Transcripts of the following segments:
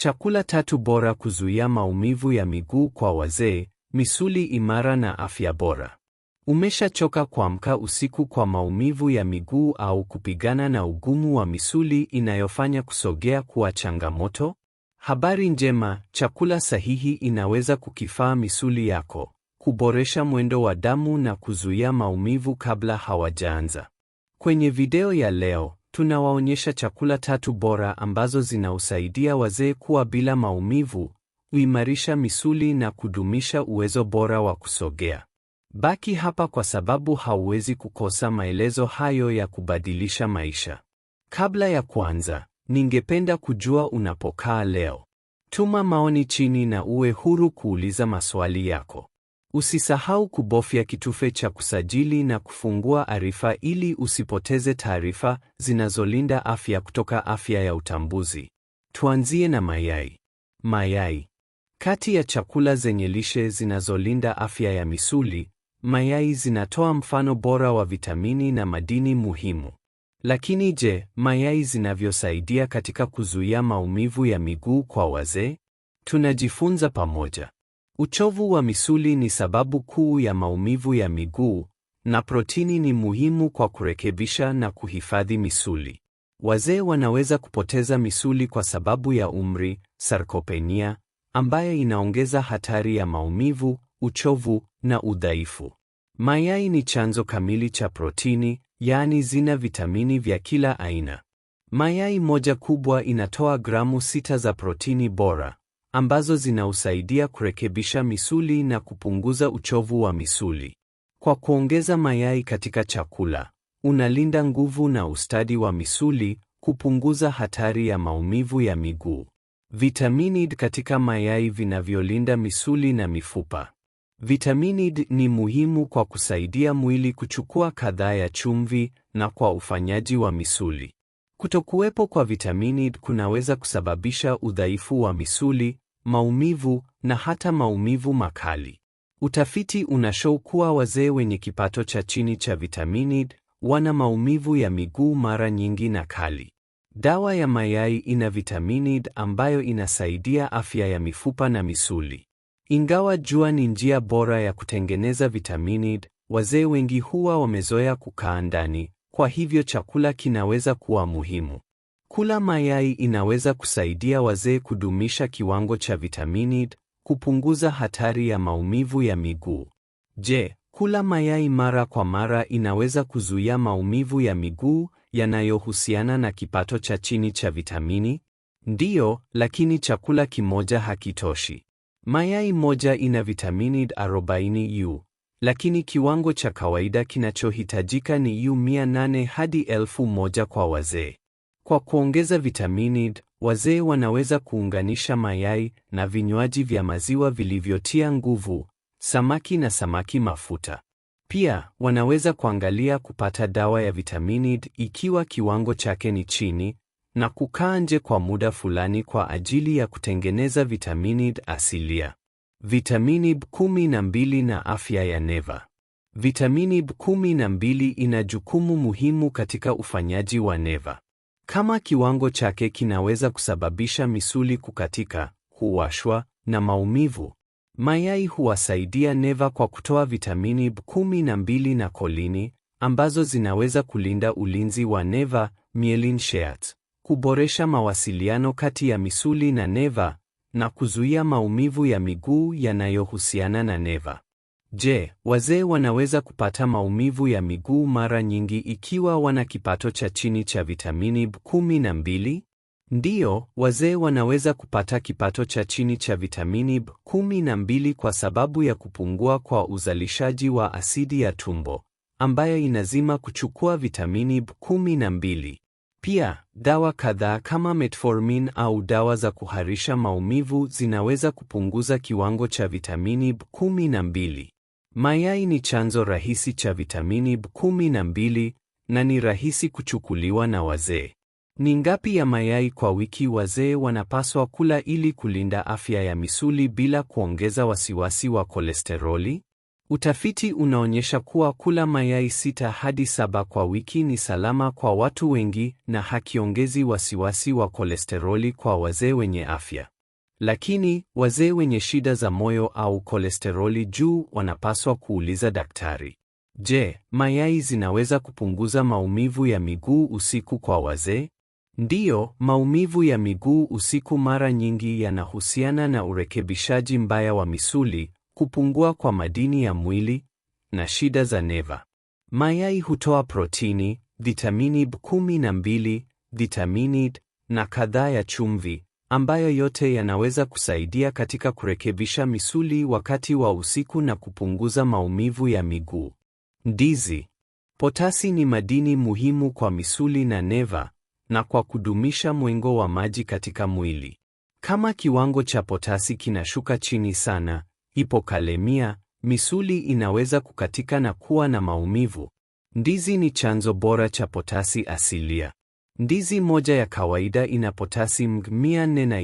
Chakula tatu bora kuzuia maumivu ya miguu kwa wazee, misuli imara na afya bora. Umeshachoka kuamka usiku kwa maumivu ya miguu au kupigana na ugumu wa misuli inayofanya kusogea kuwa changamoto? Habari njema, chakula sahihi inaweza kukifaa misuli yako, kuboresha mwendo wa damu na kuzuia maumivu kabla hawajaanza. Kwenye video ya leo, tunawaonyesha chakula tatu bora ambazo zinausaidia wazee kuwa bila maumivu, kuimarisha misuli na kudumisha uwezo bora wa kusogea. Baki hapa kwa sababu hauwezi kukosa maelezo hayo ya kubadilisha maisha. Kabla ya kuanza, ningependa kujua unapokaa leo. Tuma maoni chini na uwe huru kuuliza maswali yako. Usisahau kubofya kitufe cha kusajili na kufungua arifa ili usipoteze taarifa zinazolinda afya kutoka Afya ya Utambuzi. Tuanzie na mayai. Mayai. Kati ya chakula zenye lishe zinazolinda afya ya misuli, mayai zinatoa mfano bora wa vitamini na madini muhimu. Lakini je, mayai zinavyosaidia katika kuzuia maumivu ya miguu kwa wazee? Tunajifunza pamoja. Uchovu wa misuli ni sababu kuu ya maumivu ya miguu, na protini ni muhimu kwa kurekebisha na kuhifadhi misuli. Wazee wanaweza kupoteza misuli kwa sababu ya umri, sarkopenia, ambayo inaongeza hatari ya maumivu, uchovu na udhaifu. Mayai ni chanzo kamili cha protini, yaani zina vitamini vya kila aina. Mayai moja kubwa inatoa gramu sita za protini bora ambazo zinausaidia kurekebisha misuli na kupunguza uchovu wa misuli. Kwa kuongeza mayai katika chakula, unalinda nguvu na ustadi wa misuli, kupunguza hatari ya maumivu ya miguu. Vitamini D e katika mayai vinavyolinda misuli na mifupa. Vitamini D e ni muhimu kwa kusaidia mwili kuchukua kadhaa ya chumvi na kwa ufanyaji wa misuli. Kutokuwepo kwa vitamini kunaweza kusababisha udhaifu wa misuli, maumivu na hata maumivu makali. Utafiti unashow kuwa wazee wenye kipato cha chini cha vitamini D wana maumivu ya miguu mara nyingi na kali. Dawa ya mayai ina vitamini D ambayo inasaidia afya ya mifupa na misuli. Ingawa jua ni njia bora ya kutengeneza vitamini D, wazee wengi huwa wamezoea kukaa ndani, kwa hivyo chakula kinaweza kuwa muhimu. Kula mayai inaweza kusaidia wazee kudumisha kiwango cha vitamini D, kupunguza hatari ya maumivu ya miguu. Je, kula mayai mara kwa mara inaweza kuzuia maumivu ya miguu yanayohusiana na kipato cha chini cha vitamini? Ndiyo, lakini chakula kimoja hakitoshi. Mayai moja ina vitamini D 40 u lakini kiwango cha kawaida kinachohitajika ni U 800 hadi 1000 kwa wazee. Kwa kuongeza vitamini D, wazee wanaweza kuunganisha mayai na vinywaji vya maziwa vilivyotia nguvu, samaki na samaki mafuta. Pia, wanaweza kuangalia kupata dawa ya vitamini D ikiwa kiwango chake ni chini na kukaa nje kwa muda fulani kwa ajili ya kutengeneza vitamini D asilia. Vitamini B12 na afya ya neva. Vitamini B12 ina jukumu muhimu katika ufanyaji wa neva. Kama kiwango chake kinaweza kusababisha misuli kukatika, kuwashwa na maumivu, mayai huwasaidia neva kwa kutoa vitamini B12 na kolini ambazo zinaweza kulinda ulinzi wa neva, myelin sheath, kuboresha mawasiliano kati ya misuli na neva na kuzuia maumivu ya miguu yanayohusiana na neva. Je, wazee wanaweza kupata maumivu ya miguu mara nyingi ikiwa wana kipato cha chini cha vitamini B12? Ndiyo, wazee wanaweza kupata kipato cha chini cha vitamini B12 kwa sababu ya kupungua kwa uzalishaji wa asidi ya tumbo ambayo inazima kuchukua vitamini B12. Pia, dawa kadhaa kama metformin au dawa za kuharisha maumivu zinaweza kupunguza kiwango cha vitamini B12. Mayai ni chanzo rahisi cha vitamini B12 na ni rahisi kuchukuliwa na wazee. Ni ngapi ya mayai kwa wiki wazee wanapaswa kula ili kulinda afya ya misuli bila kuongeza wasiwasi wa kolesteroli? Utafiti unaonyesha kuwa kula mayai sita hadi saba kwa wiki ni salama kwa watu wengi na hakiongezi wasiwasi wa kolesteroli kwa wazee wenye afya. Lakini wazee wenye shida za moyo au kolesteroli juu wanapaswa kuuliza daktari. Je, mayai zinaweza kupunguza maumivu ya miguu usiku kwa wazee? Ndiyo, maumivu ya miguu usiku mara nyingi yanahusiana na urekebishaji mbaya wa misuli kupungua kwa madini ya mwili na shida za neva. Mayai hutoa protini, vitamini B12, vitamini D na kadhaa ya chumvi ambayo yote yanaweza kusaidia katika kurekebisha misuli wakati wa usiku na kupunguza maumivu ya miguu. Ndizi. Potasi ni madini muhimu kwa misuli na neva na kwa kudumisha mwengo wa maji katika mwili. Kama kiwango cha potasi kinashuka chini sana, hipokalemia, misuli inaweza kukatika na kuwa na maumivu. Ndizi ni chanzo bora cha potasi asilia. Ndizi moja ya kawaida ina potasi mg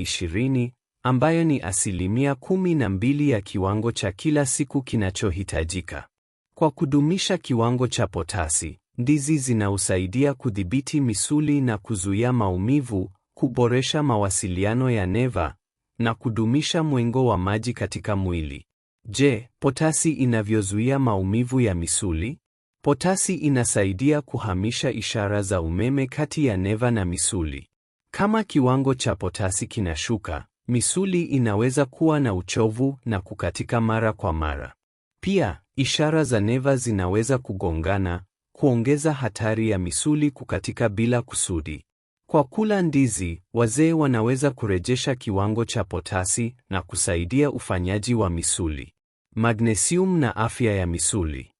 ishirini ambayo ni asilimia kumi na mbili ya kiwango cha kila siku kinachohitajika. Kwa kudumisha kiwango cha potasi, ndizi zinausaidia kudhibiti misuli na kuzuia maumivu, kuboresha mawasiliano ya neva na kudumisha mwengo wa maji katika mwili. Je, potasi inavyozuia maumivu ya misuli? Potasi inasaidia kuhamisha ishara za umeme kati ya neva na misuli. Kama kiwango cha potasi kinashuka, misuli inaweza kuwa na uchovu na kukatika mara kwa mara. Pia, ishara za neva zinaweza kugongana, kuongeza hatari ya misuli kukatika bila kusudi. Kwa kula ndizi, wazee wanaweza kurejesha kiwango cha potasi na kusaidia ufanyaji wa misuli. Magnesium na afya ya misuli.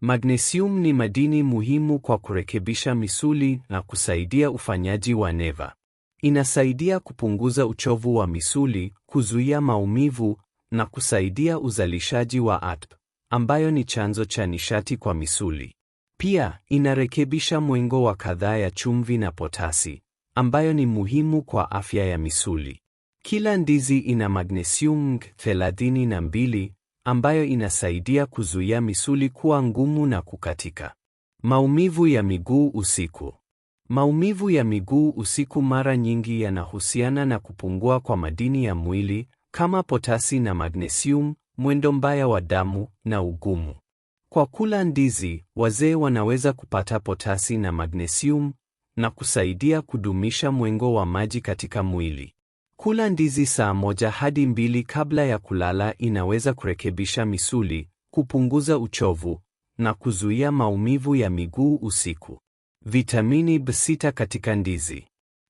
Magnesium ni madini muhimu kwa kurekebisha misuli na kusaidia ufanyaji wa neva. Inasaidia kupunguza uchovu wa misuli, kuzuia maumivu na kusaidia uzalishaji wa ATP, ambayo ni chanzo cha nishati kwa misuli. Pia, inarekebisha mwengo wa kadhaa ya chumvi na potasi, ambayo ni muhimu kwa afya ya misuli. Kila ndizi ina magnesium 32 ambayo inasaidia kuzuia misuli kuwa ngumu na kukatika. Maumivu ya miguu usiku. Maumivu ya miguu usiku mara nyingi yanahusiana na kupungua kwa madini ya mwili kama potasi na magnesium, mwendo mbaya wa damu na ugumu. Kwa kula ndizi, wazee wanaweza kupata potasi na magnesium na kusaidia kudumisha mwengo wa maji katika mwili. Kula ndizi saa moja hadi mbili kabla ya kulala inaweza kurekebisha misuli, kupunguza uchovu na kuzuia maumivu ya miguu usiku. Vitamini B6 katika ndizi.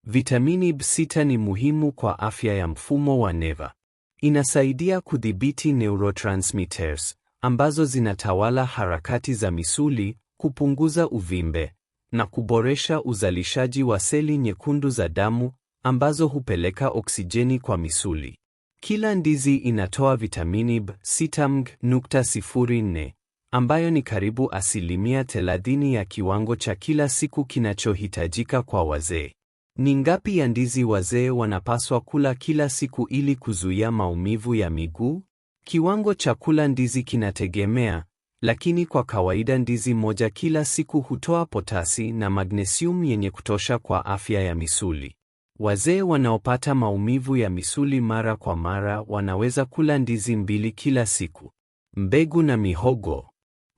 Vitamini B6 ni muhimu kwa afya ya mfumo wa neva. Inasaidia kudhibiti neurotransmitters ambazo zinatawala harakati za misuli, kupunguza uvimbe na kuboresha uzalishaji wa seli nyekundu za damu ambazo hupeleka oksijeni kwa misuli. Kila ndizi inatoa vitamini B6.04 ambayo ni karibu asilimia 30 ya kiwango cha kila siku kinachohitajika kwa wazee. Ni ngapi ya ndizi wazee wanapaswa kula kila siku ili kuzuia maumivu ya miguu? Kiwango cha kula ndizi kinategemea lakini kwa kawaida ndizi moja kila siku hutoa potasi na magnesium yenye kutosha kwa afya ya misuli. Wazee wanaopata maumivu ya misuli mara kwa mara wanaweza kula ndizi mbili kila siku. Mbegu na mihogo.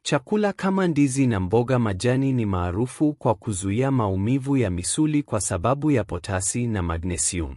Chakula kama ndizi na mboga majani ni maarufu kwa kuzuia maumivu ya misuli kwa sababu ya potasi na magnesium.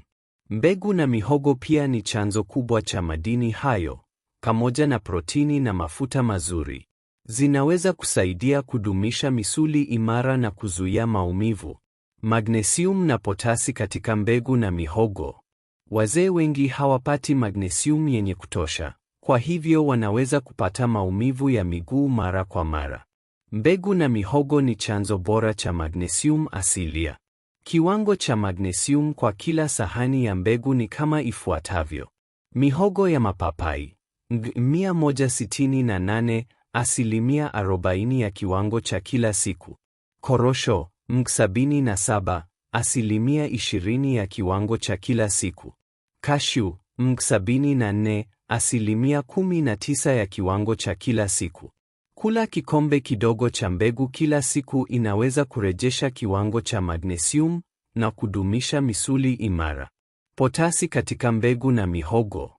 Mbegu na mihogo pia ni chanzo kubwa cha madini hayo, pamoja na protini na mafuta mazuri. Zinaweza kusaidia kudumisha misuli imara na kuzuia maumivu. Magnesium na potasi katika mbegu na mihogo. Wazee wengi hawapati magnesium yenye kutosha, kwa hivyo wanaweza kupata maumivu ya miguu mara kwa mara. Mbegu na mihogo ni chanzo bora cha magnesium asilia. Kiwango cha magnesium kwa kila sahani ya mbegu ni kama ifuatavyo: mihogo ya mapapai 168 asilimia 40 ya kiwango cha kila siku. Korosho, mksabini na saba, asilimia 20 ya kiwango cha kila siku. Kashu, mksabini na nne, asilimia 19 ya kiwango cha kila siku. Kula kikombe kidogo cha mbegu kila siku inaweza kurejesha kiwango cha magnesium na kudumisha misuli imara. Potasi katika mbegu na mihogo.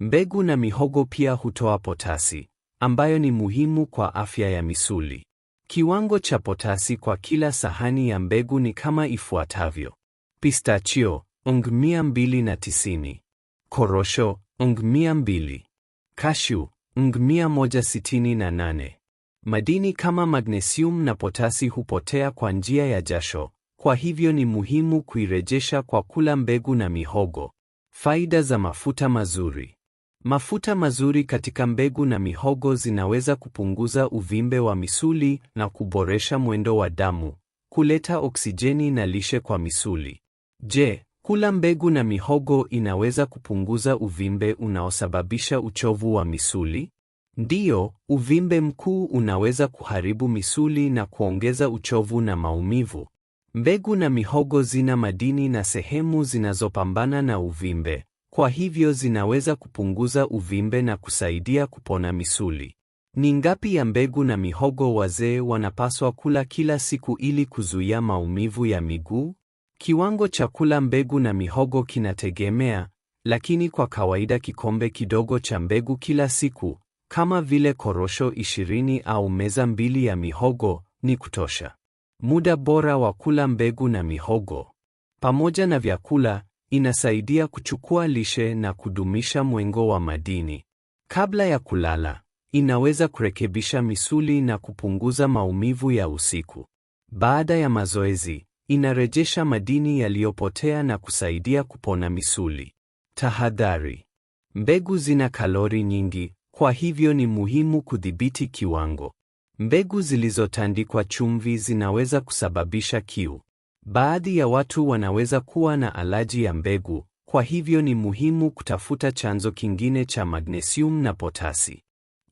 Mbegu na mihogo pia hutoa potasi ambayo ni muhimu kwa afya ya misuli. Kiwango cha potasi kwa kila sahani ya mbegu ni kama ifuatavyo: pistachio ung 290, korosho ung 200, kashu ung 168. Madini kama magnesium na potasi hupotea kwa njia ya jasho, kwa hivyo ni muhimu kuirejesha kwa kula mbegu na mihogo. Faida za mafuta mazuri. Mafuta mazuri katika mbegu na mihogo zinaweza kupunguza uvimbe wa misuli na kuboresha mwendo wa damu, kuleta oksijeni na lishe kwa misuli. Je, kula mbegu na mihogo inaweza kupunguza uvimbe unaosababisha uchovu wa misuli? Ndiyo, uvimbe mkuu unaweza kuharibu misuli na kuongeza uchovu na maumivu. Mbegu na mihogo zina madini na sehemu zinazopambana na uvimbe, kwa hivyo zinaweza kupunguza uvimbe na kusaidia kupona misuli. Ni ngapi ya mbegu na mihogo wazee wanapaswa kula kila siku ili kuzuia maumivu ya miguu? Kiwango cha kula mbegu na mihogo kinategemea, lakini kwa kawaida kikombe kidogo cha mbegu kila siku, kama vile korosho 20 au meza mbili ya mihogo, ni kutosha. Muda bora wa kula mbegu na mihogo pamoja na vyakula Inasaidia kuchukua lishe na kudumisha mwengo wa madini. Kabla ya kulala, inaweza kurekebisha misuli na kupunguza maumivu ya usiku. Baada ya mazoezi, inarejesha madini yaliyopotea na kusaidia kupona misuli. Tahadhari: mbegu zina kalori nyingi, kwa hivyo ni muhimu kudhibiti kiwango. Mbegu zilizotandikwa chumvi zinaweza kusababisha kiu. Baadhi ya watu wanaweza kuwa na alaji ya mbegu, kwa hivyo ni muhimu kutafuta chanzo kingine cha magnesium na potasi.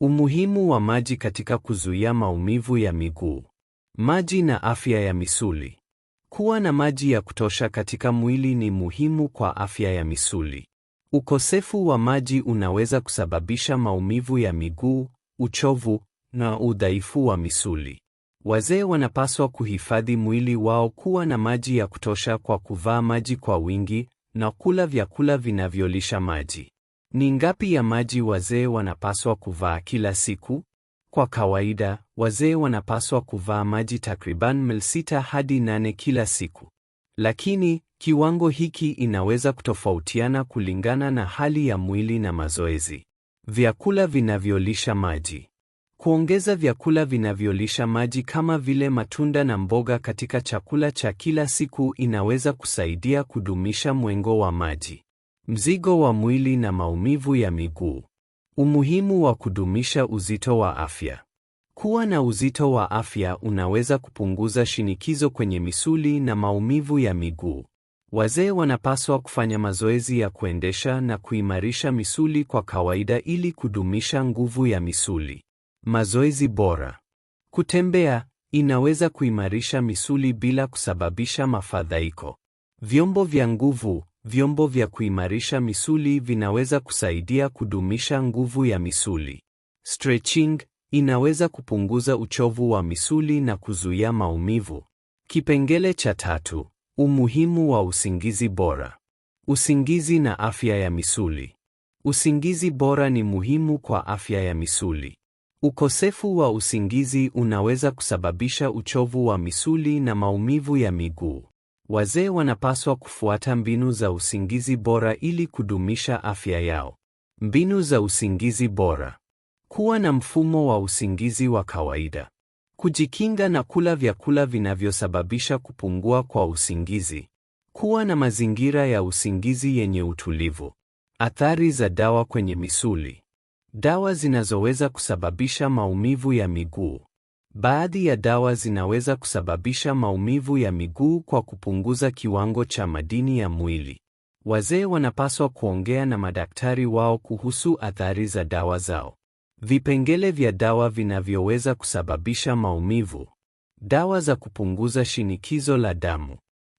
Umuhimu wa maji katika kuzuia maumivu ya miguu. Maji na afya ya misuli. Kuwa na maji ya kutosha katika mwili ni muhimu kwa afya ya misuli. Ukosefu wa maji unaweza kusababisha maumivu ya miguu, uchovu na udhaifu wa misuli. Wazee wanapaswa kuhifadhi mwili wao kuwa na maji ya kutosha kwa kuvaa maji kwa wingi na kula vyakula vinavyolisha maji. Ni ngapi ya maji wazee wanapaswa kuvaa kila siku? Kwa kawaida, wazee wanapaswa kuvaa maji takriban ml sita hadi nane kila siku. Lakini kiwango hiki inaweza kutofautiana kulingana na hali ya mwili na mazoezi. Vyakula vinavyolisha maji. Kuongeza vyakula vinavyolisha maji kama vile matunda na mboga katika chakula cha kila siku inaweza kusaidia kudumisha mwengo wa maji, mzigo wa mwili na maumivu ya miguu. Umuhimu wa kudumisha uzito wa afya. Kuwa na uzito wa afya unaweza kupunguza shinikizo kwenye misuli na maumivu ya miguu. Wazee wanapaswa kufanya mazoezi ya kuendesha na kuimarisha misuli kwa kawaida ili kudumisha nguvu ya misuli. Mazoezi bora. Kutembea inaweza kuimarisha misuli bila kusababisha mafadhaiko. Vyombo vya nguvu, vyombo vya kuimarisha misuli vinaweza kusaidia kudumisha nguvu ya misuli. Stretching inaweza kupunguza uchovu wa misuli na kuzuia maumivu. Kipengele cha tatu, umuhimu wa usingizi bora. Usingizi na afya ya misuli. Usingizi bora ni muhimu kwa afya ya misuli. Ukosefu wa usingizi unaweza kusababisha uchovu wa misuli na maumivu ya miguu. Wazee wanapaswa kufuata mbinu za usingizi bora ili kudumisha afya yao. Mbinu za usingizi bora: kuwa na mfumo wa usingizi wa kawaida, kujikinga na kula vyakula vinavyosababisha kupungua kwa usingizi, kuwa na mazingira ya usingizi yenye utulivu. Athari za dawa kwenye misuli. Dawa zinazoweza kusababisha maumivu ya miguu. Baadhi ya dawa zinaweza kusababisha maumivu ya miguu kwa kupunguza kiwango cha madini ya mwili. Wazee wanapaswa kuongea na madaktari wao kuhusu athari za dawa zao. Vipengele vya dawa vinavyoweza kusababisha maumivu. Dawa za kupunguza shinikizo la damu.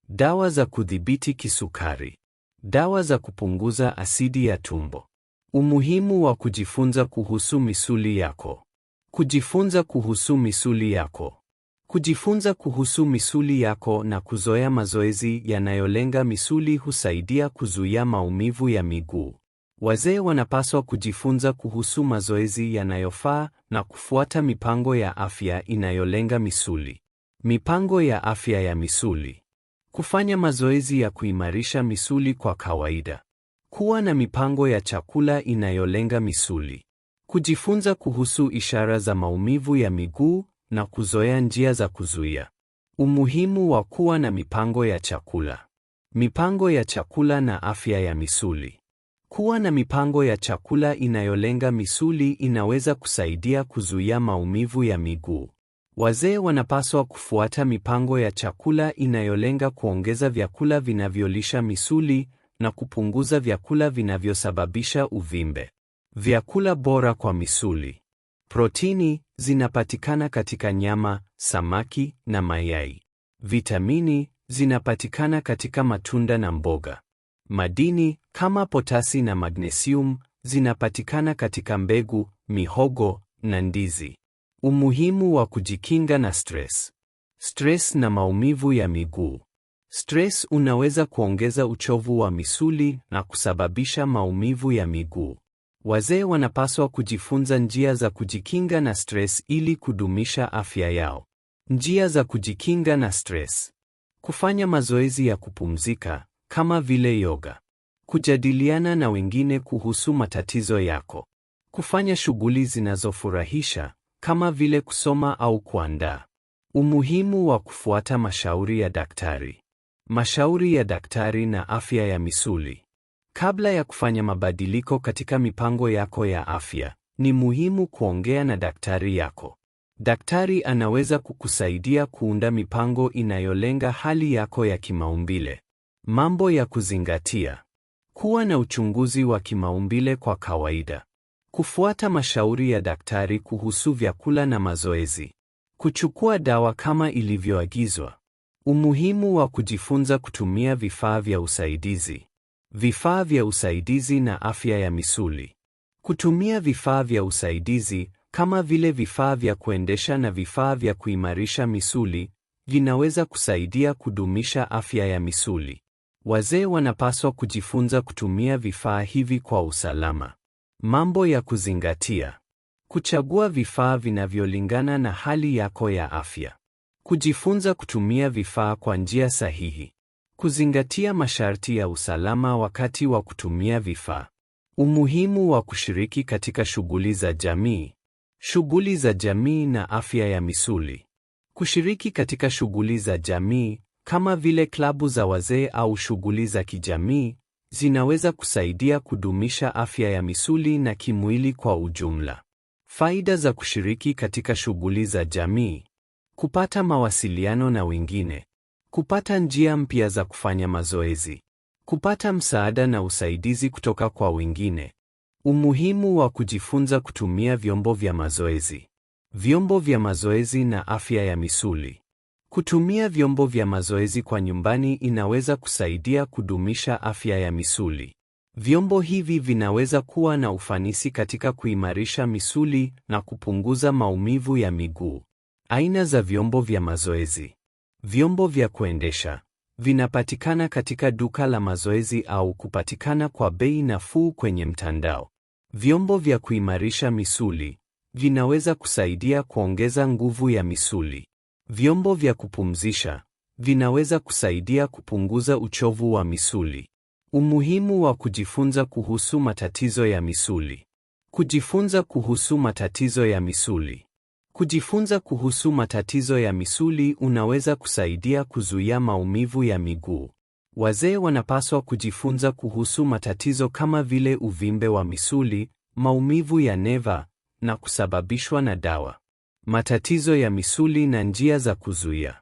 Dawa za kudhibiti kisukari. Dawa za kupunguza asidi ya tumbo. Umuhimu wa kujifunza kuhusu misuli yako. Kujifunza kuhusu misuli yako. Kujifunza kuhusu misuli yako na kuzoea mazoezi yanayolenga misuli husaidia kuzuia maumivu ya miguu. Wazee wanapaswa kujifunza kuhusu mazoezi yanayofaa na kufuata mipango ya afya inayolenga misuli. Mipango ya afya ya misuli. Kufanya mazoezi ya kuimarisha misuli kwa kawaida. Kuwa na mipango ya chakula inayolenga misuli. Kujifunza kuhusu ishara za maumivu ya miguu na kuzoea njia za kuzuia. Umuhimu wa kuwa na mipango ya chakula. Mipango ya chakula na afya ya misuli. Kuwa na mipango ya chakula inayolenga misuli inaweza kusaidia kuzuia maumivu ya miguu. Wazee wanapaswa kufuata mipango ya chakula inayolenga kuongeza vyakula vinavyolisha misuli na kupunguza vyakula vinavyosababisha uvimbe. Vyakula bora kwa misuli. Protini zinapatikana katika nyama, samaki na mayai. Vitamini zinapatikana katika matunda na mboga. Madini kama potasi na magnesium zinapatikana katika mbegu, mihogo na ndizi. Umuhimu wa kujikinga na stress. Stress na maumivu ya miguu. Stress unaweza kuongeza uchovu wa misuli na kusababisha maumivu ya miguu. Wazee wanapaswa kujifunza njia za kujikinga na stress ili kudumisha afya yao. Njia za kujikinga na stress: kufanya mazoezi ya kupumzika kama vile yoga, kujadiliana na wengine kuhusu matatizo yako, kufanya shughuli zinazofurahisha kama vile kusoma au kuandaa. Umuhimu wa kufuata mashauri ya daktari. Mashauri ya daktari na afya ya misuli. Kabla ya kufanya mabadiliko katika mipango yako ya afya, ni muhimu kuongea na daktari yako. Daktari anaweza kukusaidia kuunda mipango inayolenga hali yako ya kimaumbile. Mambo ya kuzingatia: kuwa na uchunguzi wa kimaumbile kwa kawaida, kufuata mashauri ya daktari kuhusu vyakula na mazoezi, kuchukua dawa kama ilivyoagizwa. Umuhimu wa kujifunza kutumia vifaa vya usaidizi. Vifaa vya usaidizi na afya ya misuli. Kutumia vifaa vya usaidizi kama vile vifaa vya kuendesha na vifaa vya kuimarisha misuli vinaweza kusaidia kudumisha afya ya misuli. Wazee wanapaswa kujifunza kutumia vifaa hivi kwa usalama. Mambo ya kuzingatia: kuchagua vifaa vinavyolingana na hali yako ya afya. Kujifunza kutumia vifaa kwa njia sahihi. Kuzingatia masharti ya usalama wakati wa kutumia vifaa. Umuhimu wa kushiriki katika shughuli za jamii. Shughuli za jamii na afya ya misuli. Kushiriki katika shughuli za jamii kama vile klabu za wazee au shughuli za kijamii zinaweza kusaidia kudumisha afya ya misuli na kimwili kwa ujumla. Faida za kushiriki katika shughuli za jamii kupata mawasiliano na wengine, kupata njia mpya za kufanya mazoezi, kupata msaada na usaidizi kutoka kwa wengine. Umuhimu wa kujifunza kutumia vyombo vya mazoezi. Vyombo vya mazoezi na afya ya misuli. Kutumia vyombo vya mazoezi kwa nyumbani inaweza kusaidia kudumisha afya ya misuli. Vyombo hivi vinaweza kuwa na ufanisi katika kuimarisha misuli na kupunguza maumivu ya miguu. Aina za vyombo vya mazoezi. Vyombo vya kuendesha vinapatikana katika duka la mazoezi au kupatikana kwa bei nafuu kwenye mtandao. Vyombo vya kuimarisha misuli vinaweza kusaidia kuongeza nguvu ya misuli. Vyombo vya kupumzisha vinaweza kusaidia kupunguza uchovu wa misuli. Umuhimu wa kujifunza kuhusu matatizo ya misuli. Kujifunza kuhusu matatizo ya misuli Kujifunza kuhusu matatizo ya misuli unaweza kusaidia kuzuia maumivu ya miguu. Wazee wanapaswa kujifunza kuhusu matatizo kama vile uvimbe wa misuli, maumivu ya neva na kusababishwa na dawa. Matatizo ya misuli na njia za kuzuia.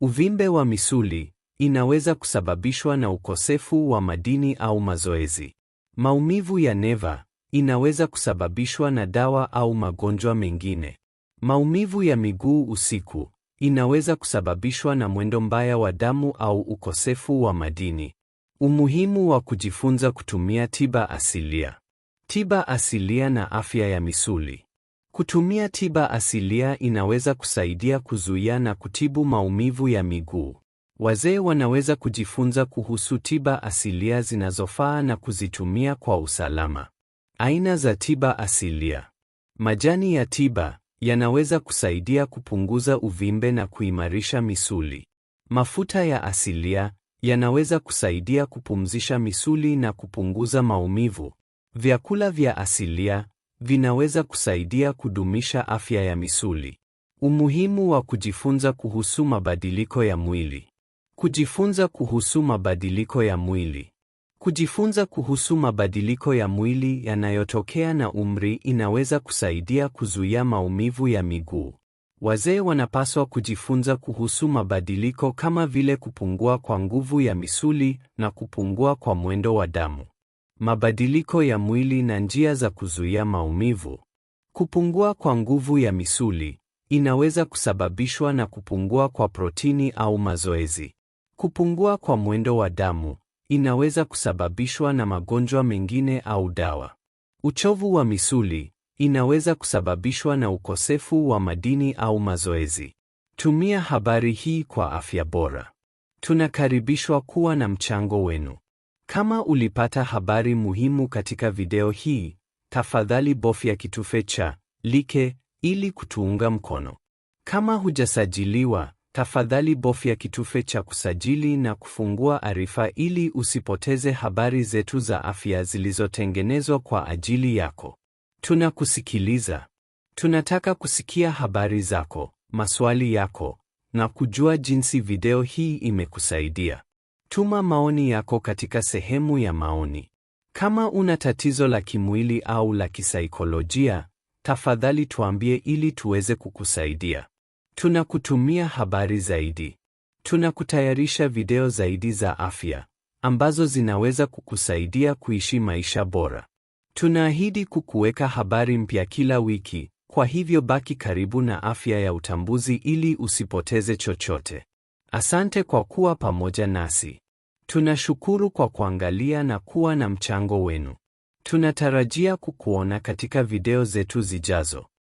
Uvimbe wa misuli inaweza kusababishwa na ukosefu wa madini au mazoezi. Maumivu ya neva inaweza kusababishwa na dawa au magonjwa mengine. Maumivu ya miguu usiku inaweza kusababishwa na mwendo mbaya wa damu au ukosefu wa madini. Umuhimu wa kujifunza kutumia tiba asilia. Tiba asilia na afya ya misuli. Kutumia tiba asilia inaweza kusaidia kuzuia na kutibu maumivu ya miguu. Wazee wanaweza kujifunza kuhusu tiba asilia zinazofaa na kuzitumia kwa usalama. Aina za tiba asilia. Majani ya tiba, yanaweza kusaidia kupunguza uvimbe na kuimarisha misuli. Mafuta ya asilia yanaweza kusaidia kupumzisha misuli na kupunguza maumivu. Vyakula vya asilia vinaweza kusaidia kudumisha afya ya misuli. Umuhimu wa kujifunza kuhusu mabadiliko ya mwili. Kujifunza kuhusu mabadiliko ya mwili Kujifunza kuhusu mabadiliko ya mwili yanayotokea na umri inaweza kusaidia kuzuia maumivu ya miguu. Wazee wanapaswa kujifunza kuhusu mabadiliko kama vile kupungua kwa nguvu ya misuli na kupungua kwa mwendo wa damu. Mabadiliko ya mwili na njia za kuzuia maumivu. Kupungua kwa nguvu ya misuli inaweza kusababishwa na kupungua kwa protini au mazoezi. Kupungua kwa mwendo wa damu inaweza kusababishwa na magonjwa mengine au dawa. Uchovu wa misuli inaweza kusababishwa na ukosefu wa madini au mazoezi. Tumia habari hii kwa afya bora. Tunakaribishwa kuwa na mchango wenu. Kama ulipata habari muhimu katika video hii, tafadhali bofya kitufe cha like ili kutuunga mkono. Kama hujasajiliwa, Tafadhali bofya kitufe cha kusajili na kufungua arifa ili usipoteze habari zetu za afya zilizotengenezwa kwa ajili yako. Tunakusikiliza. Tunataka kusikia habari zako, maswali yako na kujua jinsi video hii imekusaidia. Tuma maoni yako katika sehemu ya maoni. Kama una tatizo la kimwili au la kisaikolojia, tafadhali tuambie ili tuweze kukusaidia. Tunakutumia habari zaidi, tunakutayarisha video zaidi za afya ambazo zinaweza kukusaidia kuishi maisha bora. Tunaahidi kukuweka habari mpya kila wiki, kwa hivyo baki karibu na Afya ya Utambuzi ili usipoteze chochote. Asante kwa kuwa pamoja nasi. Tunashukuru kwa kuangalia na kuwa na mchango wenu. Tunatarajia kukuona katika video zetu zijazo.